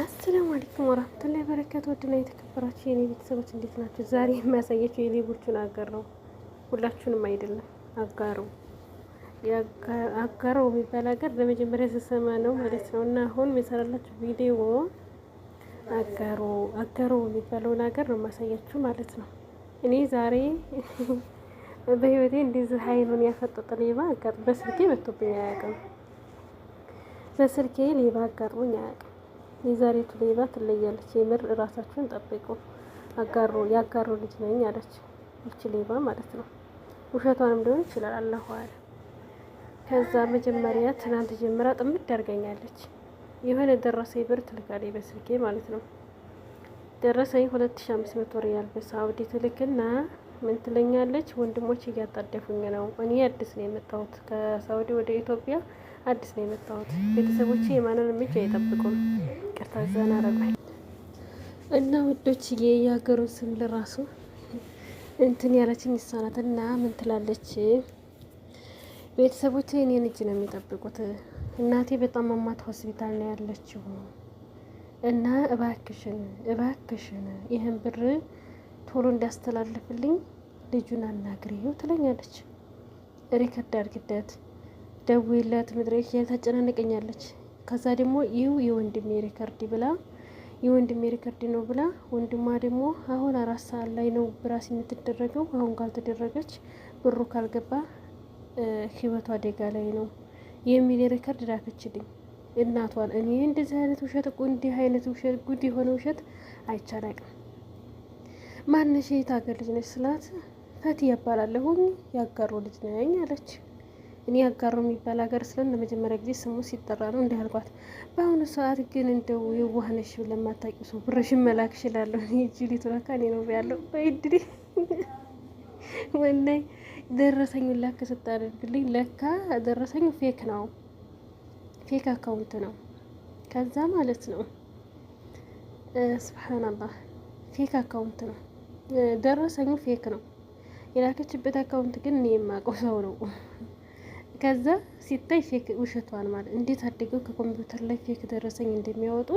አሰላሙ አለይኩም ወራህመቱላሂ በረከቱ። ውድና የተከበራችሁ የኔ ቤተሰቦች እንዴት ናቸው? ዛሬ የሚያሳያችሁ የሌቦቹን አጋር ነው። ሁላችሁንም አይደለም፣ አጋሩ አጋረው የሚባል ሀገር ለመጀመሪያ ስሰማ ነው ማለት ነው። እና አሁን የሰራላችሁ ቪዲዮ አጋሮ አጋሮ የሚባለውን ሀገር ነው የማሳያችሁ ማለት ነው። እኔ ዛሬ በህይወቴ እንደዚህ አይኑን ያፈጠጠ ሌባ በስልኬ መጥቶብኝ አያውቅም። በስልኬ ሌባ አጋጥሞኝ አያውቅም። የዛሬቱ ሌባ ትለያለች። የምር እራሳችሁን ጠብቁ። አጋሮ ያጋሮ ልጅ ነኝ አለች። ይቺ ሌባ ማለት ነው። ውሸቷንም ሊሆን ይችላል አለኋል። ከዛ መጀመሪያ ትናንት ጀምራ ጥምድ ያርገኛለች። የሆነ ደረሰኝ ብር ትልካለች በስልኬ ማለት ነው። ደረሰኝ ሁለት ሺ አምስት መቶ ሪያል በሳውዲ ትልክና ምን ትለኛለች? ወንድሞች እያጣደፉኝ ነው። እኔ አዲስ ነው የመጣሁት ከሳውዲ ወደ ኢትዮጵያ አዲስ ነው የመጣሁት። ቤተሰቦች የማንን እጅ አይጠብቁም። ቅርታ ዘን አረጓል እና ውዶች ዬ የሀገሩ ስም ለራሱ እንትን ያለችን ይሳናት እና ምን ትላለች? ቤተሰቦች እኔን እጅ ነው የሚጠብቁት። እናቴ በጣም አማት ሆስፒታል ነው ያለችው እና እባክሽን እባክሽን ይህን ብር ቶሎ እንዲያስተላልፍልኝ ልጁን አናግሪው ትለኛለች። ሪከርድ አድርጊለት ደውላት ምድሪክ ተጨናንቀኛለች። ከዛ ደግሞ ይው የወንድሜ ሪከርድ ብላ የወንድሜ ሪከርድ ነው ብላ ወንድሟ ደግሞ አሁን አራት ሰዓት ላይ ነው ብራስ የምትደረገው። አሁን ካልተደረገች ብሩ ካልገባ ህይወቷ አደጋ ላይ ነው የሚል ሪከርድ ላከችልኝ እናቷን። እኔ እንደዚህ አይነት ውሸት እንዲህ አይነት ውሸት ጉድ የሆነ ውሸት አይቻላቅም። ማነሽ የት ሀገር ልጅ ነች ስላት ፈት ያባላለሁኝ ያጋሩ ልጅ ነኝ አለች። እኔ አጋሮ የሚባል ሀገር ስለን ለመጀመሪያ ጊዜ ስሙ ሲጠራ ነው እንዲህ አልኳት። በአሁኑ ሰዓት ግን እንደው የዋህነሽ ለማታውቂው ሰው ብርሽን መላክ እችላለሁ። ጅሊ ቱራካ እኔ ነው ያለው በይድሪ ወናይ ደረሰኙ ላክ ስታደርግልኝ ለካ ደረሰኙ ፌክ ነው፣ ፌክ አካውንት ነው። ከዛ ማለት ነው ስብሓንላህ ፌክ አካውንት ነው። ደረሰኙ ፌክ ነው። የላከችበት አካውንት ግን እኔ የማውቀው ሰው ነው። ከዛ ሲታይ ፌክ ውሸቷን ማለት እንዴት አድገው ከኮምፒውተር ላይ ፌክ ደረሰኝ እንደሚያወጡ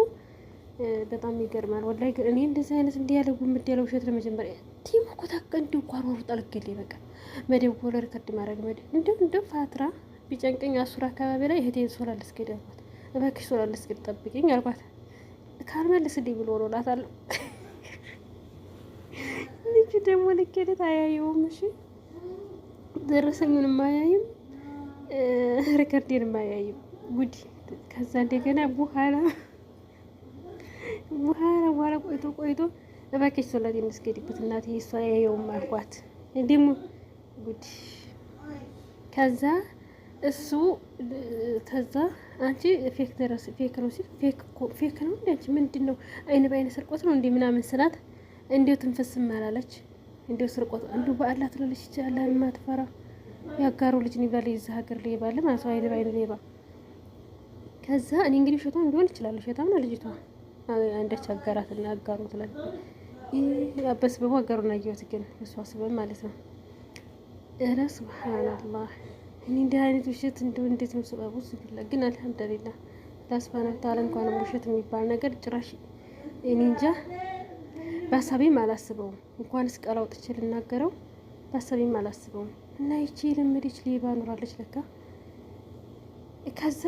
በጣም ይገርማል። ወላሂ እኔ እንደዚህ አይነት እንዲህ ያለ ጉምድ ያለ ውሸት ለመጀመሪያ ቲም ኮታቀ ታውቅ እንዲሁ እንኳን ወሩ ጠልገሌ በቃ መደወል ሪከርድ ማድረግ መደ እንዲሁም እንዲሁም ፋትራ ቢጨንቀኝ አሱር አካባቢ ላይ እህቴን ሶላ ልስገድ ያልኳት፣ እባክሽ ሶላ ልስገድ ጠብቅኝ አልኳት። ካልመልስልኝ ብሎ ነው እላታለሁ። ልጁ ደግሞ ልኬደት አያየውም። እሺ ደረሰኝንም አያይም። ሪከርዴን የማያይም ጉድ። ከዛ እንደገና በኋላ በኋላ በኋላ ቆይቶ ቆይቶ እባክሽ ሶላት የምስገድበት እናት እሷ ያየውም አልኳት። እንዲሙ ጉድ። ከዛ እሱ ከዛ አንቺ ፌክ ደረስ ፌክ ነው ሲል ፌክ ነው እንዴ አንቺ ምንድን ነው አይን በአይን ስርቆት ነው እንዴ ምናምን ስላት እንዴው ትንፈስ ማላለች እንዴው ስርቆት አንዱ በአላህ ትላለች ይችላል ማትፈራ ያጋሩ ልጅ ነው ይባል የዛ ሀገር ሌባ ለማለት ነው። አይደባ ሌባ። ከዛ እኔ እንግዲህ ሸቷም ሊሆን ይችላል። ሸቷም ነው ልጅቷ አንዳች እና አጋሩ ትላል። አበስ በቡ አጋሩን አየሁት፣ ግን እሷ ስበብ ማለት ነው። እረ ሱብሃንአላህ። እኔ እንዲህ አይነት ውሸት እንደው እንዴት ነው ስበቡ ስብላ። ግን አልሐምዱሊላህ ሱብሃነ ወተዓላ እንኳንም ውሸት የሚባል ነገር ጭራሽ እኔ እንጃ በሀሳቤም አላስበውም። እንኳንስ ቃል አውጥቼ ልናገረው በሀሳቤም አላስበውም። እና ይቺ የለመደች ሌባ ኑራለች ለካ። ከዛ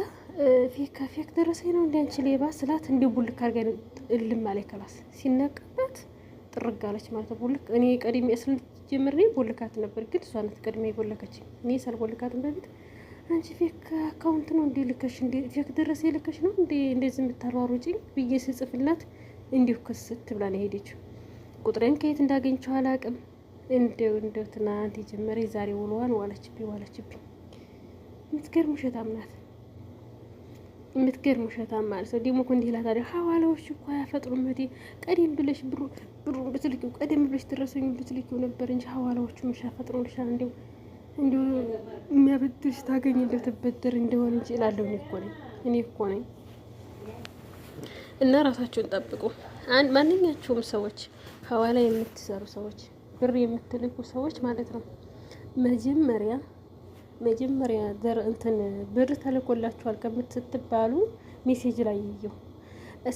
ፌክ ፌክ ደረሰኝ ነው እንዲ አንቺ ሌባ ስላት እንዲ ቡልክ አድርጋ እልም አለኝ። ከላስ ሲነቅበት ጥርጋለች ማለት ነው። ቡልክ እኔ ቀድሜ ስል ጀምሬ ቦልካት ነበር፣ ግን እሷ ናት ቀድሜ የቦለከችኝ። እኔ ሳልቦልካትም በፊት አንቺ ፌክ አካውንት ነው እንዴ ልከሽ እንዴ ፌክ ደረሰ ልከሽ ነው እንዴ እንደዚህ የምታሯሩጪኝ ብዬ ስጽፍላት እንዲሁ ክስት ብላ ነው የሄደችው። ቁጥሬን ከየት እንዳገኘችው አላውቅም። እንደው እንደው ትናንት የጀመረ የዛሬ ውሎዋን ዋለችብኝ ዋለችብኝ። የምትገርም ውሸታም ናት። የምትገርም ውሸታም ማለት ነው። ደግሞ እኮ እንዲህ ላታደ ሀዋላዎች እኮ አያፈጥሩም። እህቴ ቀደም ብለሽ ብሩ ብሩ ብትልኪው ቀደም ብለሽ ትረሰኝ ብትልኪው ነበር እንጂ ሀዋላዎቹ ምሻ ፈጥሮ ልሻል እንዲሁ እንዲሁ የሚያበድርሽ ታገኝ እንደው ትበደር እንደሆነ እንጂ እላለሁ። እኔ እኮ ነኝ እኔ እኮ ነኝ። እና ራሳቸውን ጠብቁ ማንኛቸውም ሰዎች ሀዋላ የምትሰሩ ሰዎች ብር የምትልኩ ሰዎች ማለት ነው መጀመሪያ መጀመሪያ ዘር እንትን ብር ተልኮላችኋል ከምትትባሉ ሜሴጅ ላይ ይየው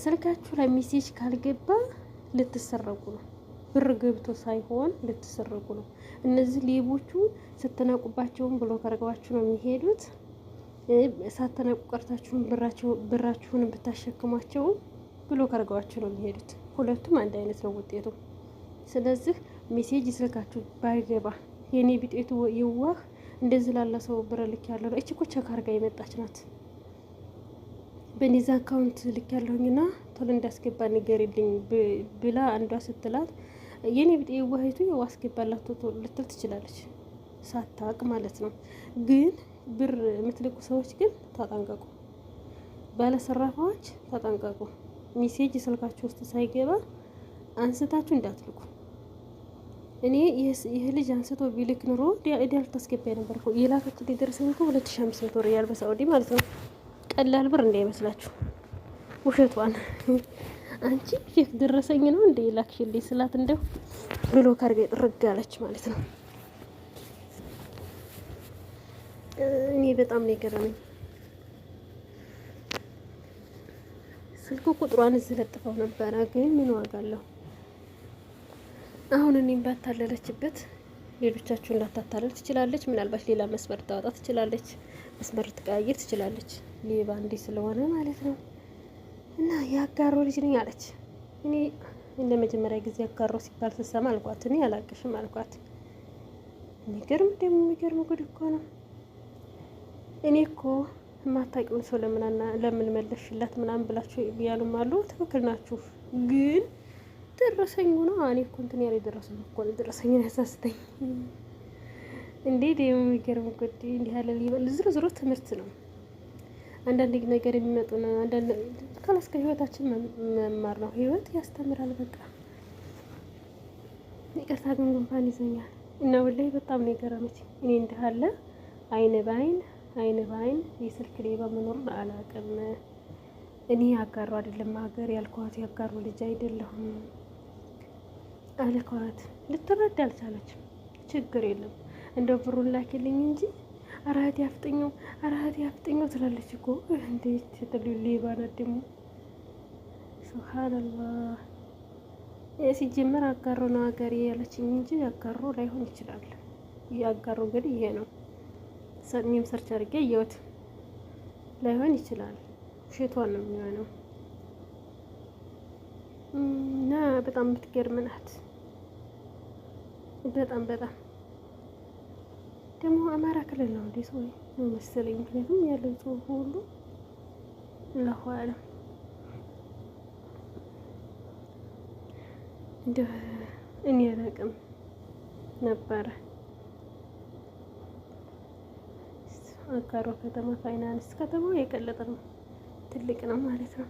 ስልካችሁ ላይ ሜሴጅ ካልገባ ልትሰረቁ ነው። ብር ገብቶ ሳይሆን ልትሰረቁ ነው። እነዚህ ሌቦቹ ስትነቁባቸውን ብሎ ከርገባችሁ ነው የሚሄዱት። ሳትነቁ ቀርታችሁን ብራችሁን ብታሸክሟቸውን ብሎ ከርገባችሁ ነው የሚሄዱት። ሁለቱም አንድ አይነት ነው ውጤቱ። ስለዚህ ሜሴጅ ስልካችሁ ባይገባ የኔ ቢጤቱ ይዋህ እንደዚህ ላለ ሰው ብር ልክ ያለው ነው። እቺ እኮ ቼክ የመጣች ናት። በኔዛ አካውንት ልክ ያለሁኝና ቶሎ እንዳስገባ ንገሪልኝ ብላ አንዷ ስትላት የኔ ቢጤ ይዋህቱ ያው አስገባላት ልትል ትችላለች፣ ሳታቅ ማለት ነው። ግን ብር የምትልቁ ሰዎች ግን ታጠንቀቁ፣ ባለሰራፋዎች ታጠንቀቁ። ሜሴጅ ስልካችሁ ውስጥ ሳይገባ አንስታችሁ እንዳትልቁ። እኔ ይህ ልጅ አንስቶ ቢልክ ኑሮ ዲያል ልታስገባ ነበር እኮ የላከች ሊደርሰኝ እኮ ሁለት ሺ አምስት መቶ ሪያል በሳዑዲ ማለት ነው። ቀላል ብር እንዳይመስላችሁ ውሸቷን። አንቺ ሼፍ ደረሰኝ ነው እንደ ላክሽልኝ ስላት እንደው ብሎ ካርገ ጥርግ አለች ማለት ነው። እኔ በጣም ነው የገረመኝ። ስልኩ ቁጥሯን እዚህ ለጥፈው ነበረ፣ ግን ምን ዋጋ አለው? አሁን እኔም ባታለለችበት ሌሎቻችሁ ላታታለል ትችላለች። ምናልባት ሌላ መስመር ታወጣ ትችላለች። መስመር ትቀያየር ትችላለች። ሌባ ስለሆነ ማለት ነው። እና የአጋሮ ልጅ ነኝ አለች። እኔ እንደ መጀመሪያ ጊዜ አጋሮ ሲባል ስሰማ አልኳት፣ እኔ አላቅሽም አልኳት። የሚገርም ደግሞ የሚገርም ጉድ እኮ ነው። እኔ እኮ የማታውቂውን ሰው ለምን መለሽላት ምናምን ብላችሁ ያሉም አሉ። ትክክል ናችሁ ግን ደረሰኝ ሆኖ እኔ እኮ እንትን ያለ ደረሰኝ እኮ ነው። ደረሰኝ ያሳስተኝ እንዴት የሚገርም ጉድ እንዲህ ያለ ሊበል ዝሮ ዝሮ ትምህርት ነው። አንዳንድ ነገር የሚመጡ ነው። አንዳንድ ከላስ ከህይወታችን መማር ነው። ህይወት ያስተምራል። በቃ ይቅርታ ግን ጉንፋን ይዘኛል እና ወላሂ በጣም ነው የገረመች። እኔ እንዲህ አለ አይን በአይን አይን በአይን የስልክ ሌባ መኖሩን አላውቅም። እኔ ያጋሩ አይደለም ሀገር ያልኳት ያጋሩ ልጅ አይደለሁም። አልኳት። ልትረዳ አልቻለች። ችግር የለም እንደ ብሩን ላኪልኝ እንጂ አራት ያፍጠኙ አራት ያፍጠኙ ትላለች እኮ እንዴት ትልዩ ሌባናት ደግሞ ሱብሃንአላህ። ሲጀመር አጋሮ ነው አገሬ ያለችኝ እንጂ አጋሮ ላይሆን ይችላል። ያጋሮ እንግዲህ ይሄ ነው። ሰኒም ሰርች አድርጌ እየወት ላይሆን ይችላል። ውሸቷን ነው የሚሆነው እና በጣም የምትገርም ናት። በጣም በጣም ደግሞ አማራ ክልል ነው እንዴ ሰው ነው መሰለኝ። ምክንያቱም ያለው ሰው ሁሉ ለኋላ እንደ እኔ አላቅም ነበረ አጋሮ ከተማ ፋይናንስ ከተማ የቀለጠ ነው፣ ትልቅ ነው ማለት ነው።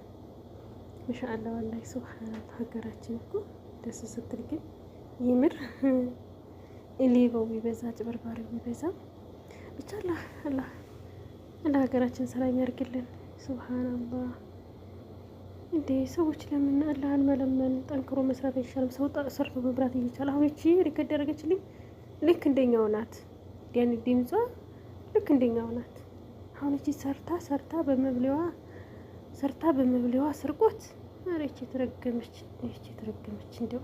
ማሻአላ ወላሂ ሱብሃን ሀገራችን እኮ ደስ ስትል ግን የምር ሌባው ቢበዛ አጭበርባሪው ቢበዛ ብቻ አላ አላህ አላህ ሀገራችን ሰላም ያርግልን። ሱብሃናላህ እንዴ ሰዎች ለምን አላህን መለመን ጠንክሮ መስራት አይቻልም? ሰው ሰርቶ መብራት እየቻለ አሁን እቺ ሪከርድ ያደረገችልኝ ልክ እንደኛው ናት። ያን ድምጿ ልክ እንደኛው ናት። አሁን እቺ ሰርታ ሰርታ በመብሌዋ ሰርታ በመብሌዋ ስርቆት ኧረ እቺ የተረገመች እቺ የተረገመች እንደው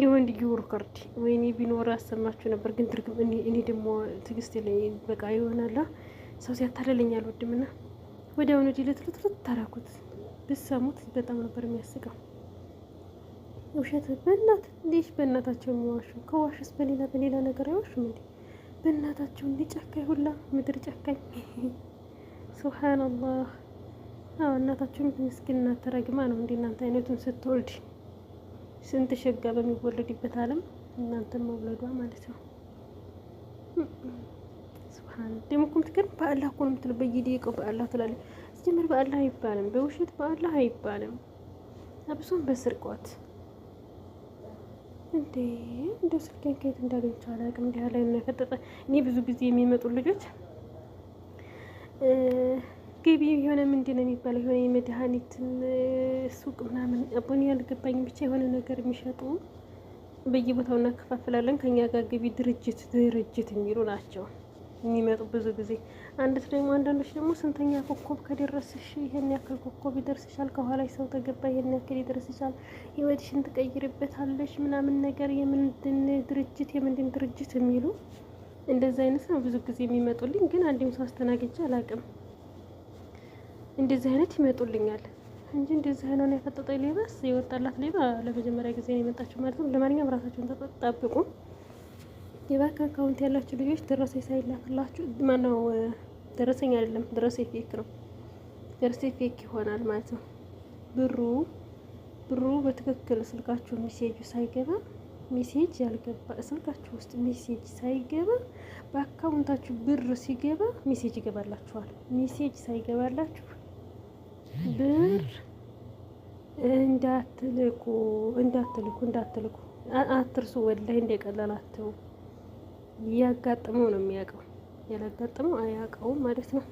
የወንድዬ ሪከርድ ወይኔ ቢኖር ያሰማችሁ ነበር። ግን ትርግም እኔ ደግሞ ትግስት የለኝም። በቃ ይሆናላ ሰው ሲያታለለኝ አልወድምና ወደ አሁኑ ዲለት ልትሉት ታራኩት ብሰሙት በጣም ነበር የሚያስቀው። ውሸት በእናት እንዴሽ በእናታቸው የሚዋሹ ከዋሽስ በሌላ በሌላ ነገር አይዋሹም እንዴ በእናታቸው እንዴ ጨካኝ ሁላ ምድር ጨካኝ ሱብሃንአላህ። አዎ እናታቸው ምስኪን እናት ነው እንደ እናንተ አይነቱን ስትወልድ ስንት ሸጋ በሚወለድበት ዓለም እናንተን መውለዷ ማለት ነው። ስብሓን ደግሞ እኮ የምትገርም በአላህ እኮ ነው የምትለው። በየደቂቃው በአላህ ትላለች። ስጀምር በአላህ አይባልም፣ በውሸት በአላህ አይባልም። አብሶን በስርቆት እንዴ እንደ ስልኬን ከየት እንዳገኘች አላውቅም። እንዲህ ላይ ነው የፈጠጠ። እኔ ብዙ ጊዜ የሚመጡ ልጆች ገቢ የሆነ ምንድን ነው የሚባለው የሆነ የመድኃኒትን ሱቅ ምናምን አቦን ያልገባኝም ብቻ የሆነ ነገር የሚሸጡ በየቦታው እናከፋፍላለን ከኛ ጋር ገቢ ድርጅት ድርጅት የሚሉ ናቸው የሚመጡ ብዙ ጊዜ። አንድት ደግሞ አንዳንዶች ደግሞ ስንተኛ ኮኮብ ከደረስሽ ይህን ያክል ኮኮብ ይደርስሻል፣ ከኋላሽ ሰው ተገባ ይህን ያክል ይደርስሻል፣ ህይወትሽን ትቀይርበታለሽ ምናምን ነገር የምንድን ድርጅት የምንድን ድርጅት የሚሉ እንደዚህ አይነት ነው ብዙ ጊዜ የሚመጡልኝ። ግን አንድም ሰው አስተናግጄ አላውቅም። እንደዚህ አይነት ይመጡልኛል እንጂ እንደዚህ አይነውን ያፈጠጠ ሌባስ የወጣላት ሌባ ለመጀመሪያ ጊዜ ነው የመጣችው ማለት ነው። ለማንኛውም ራሳችሁን ተጠብቁ። የባንክ አካውንት ያላችሁ ልጆች ደረሰኝ ሳይላክላችሁ ማነው ደረሰኝ አይደለም ደረሰኝ ፌክ ነው። ደረሰኝ ፌክ ይሆናል ማለት ነው። ብሩ ብሩ በትክክል ስልካችሁ ሚሴጁ ሳይገባ ሚሴጅ ያልገባ ስልካችሁ ውስጥ ሚሴጅ ሳይገባ በአካውንታችሁ ብር ሲገባ ሜሴጅ ይገባላችኋል። ሚሴጅ ሳይገባላችሁ ብር እንዳትልኩ እንዳትልኩ እንዳትልኩ አትርሱ። ወላይ እንደቀላላቸው እያጋጠመው ነው የሚያውቀው ያላጋጥመው አያውቀውም ማለት ነው።